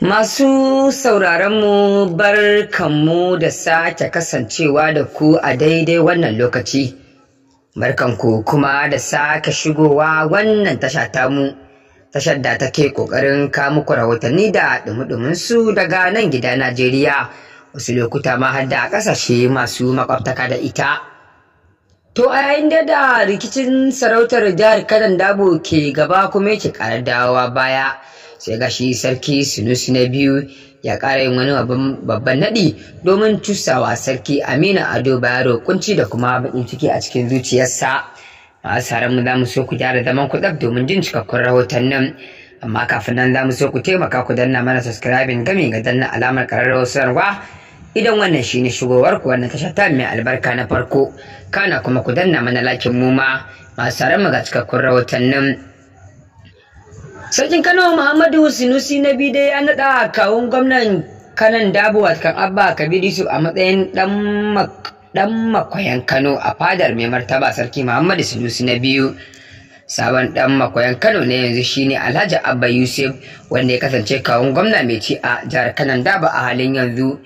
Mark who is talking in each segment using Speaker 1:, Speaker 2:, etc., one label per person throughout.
Speaker 1: Masu sauraronmu bar kanmu da sake kasancewa da ku a daidai wannan lokaci. Barkanku kuma da sake shigowa wannan tasha tamu, tashar da take ƙoƙarin muku rahotanni da ɗumi daga nan gida Najeriya, wasu lokuta ma har da ƙasashe masu makwabtaka da ita. To a yayin da da rikicin sarautar jihar Kanan Dabo ke gaba kuma yake ƙara dawowa baya sai gashi sarki sinusi na biyu ya ƙara yin wani babban naɗi domin cusawa sarki Amina Ado Bayero ƙunci da kuma baƙin ciki a cikin zuciyarsa. Masu haram mu za mu so ku gyara zaman ku tsaf domin jin cikakkun rahoton nan. Amma kafin nan za mu so ku taimaka ku danna mana subscribing gami ga danna alamar ƙararrawar sanarwa idan wannan shi ne shigowar ku wannan tashar ta mai albarka na farko kana kuma ku danna mana lakin mu ma masu tsaron mu ga cikakkun rahotannin sarkin kano muhammadu sinusi na biyu dai an naɗa kawun gwamnan kanan dabuwa cikin abba kabir yusuf a matsayin dan makwayan kano a fadar mai martaba sarki muhammadu sinusi na biyu sabon dan makoyan kano na yanzu shine alhaji abba yusuf wanda ya kasance kawun gwamna mai ci a jihar kanan daba a halin yanzu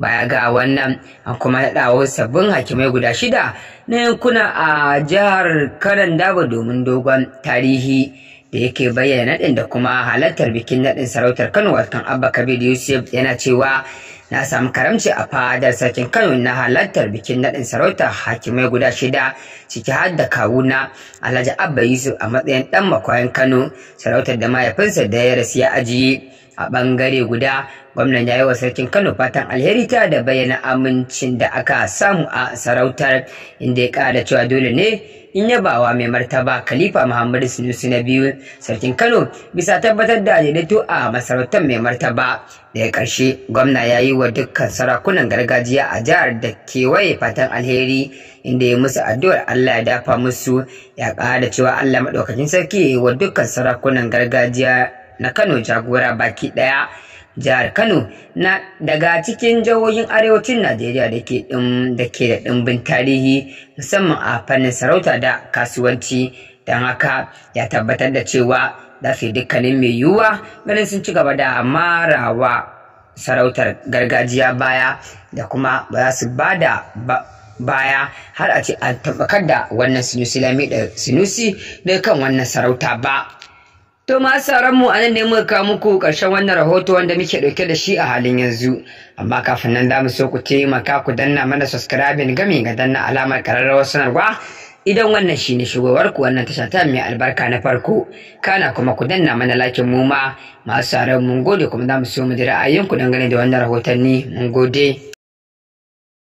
Speaker 1: baya ga wannan an kuma naɗawo sabbin hakimai guda shida na yankuna a jihar karan daba domin dogon tarihi da yake bayyana nadin da kuma halartar bikin nadin sarautar kano watan abba kabir yusuf yana cewa na samu karamci a fadar sarkin kano na halartar bikin nadin sarautar hakimai guda shida ciki har da kawuna alhaji abba yusuf a matsayin ɗan makwayan kano sarautar da mahaifinsa da ya rasu ya ajiye a bangare guda gwamnan ya yi wa sarkin kano fatan alheri ta da bayyana amincin da aka samu a sarautar inda ya kada cewa dole ne in yabawa mai martaba khalifa muhammadu sinusi na biyu sarkin kano bisa tabbatar da daidaito a masarautar mai martaba daga ƙarshe gwamna ya yi wa dukkan sarakunan gargajiya a jihar da kewaye fatan alheri inda ya musu addu'ar allah ya dafa musu ya kada cewa allah maɗaukakin sarki ya yi wa dukkan sarakunan gargajiya na Kano jagora baki ɗaya. Jihar Kano na daga cikin jihohin arewacin Najeriya da ke da dimbin tarihi musamman a fannin sarauta da kasuwanci don haka ya tabbatar da cewa za su dukkanin mai yiwuwa ganin sun ci gaba da marawa sarautar gargajiya baya da kuma ba za su ba da baya har a ce a tabbatar da wannan sinusi da eh, sinusi da kan wannan sarauta ba To masu mu a nan ne muka kawo muku ƙarshen wannan rahoto wanda muke ɗauke da shi a halin yanzu. Amma kafin nan za mu so ku taimaka ku danna mana subscribing gami ga danna alamar ƙararrawar sanarwa idan wannan shi ne shigowar ku wannan tasha ta mai albarka na farko. Kana kuma ku danna mana lakin mu ma masu mun gode kuma za mu so mu ji ra'ayinku dangane da wannan rahotanni mun gode.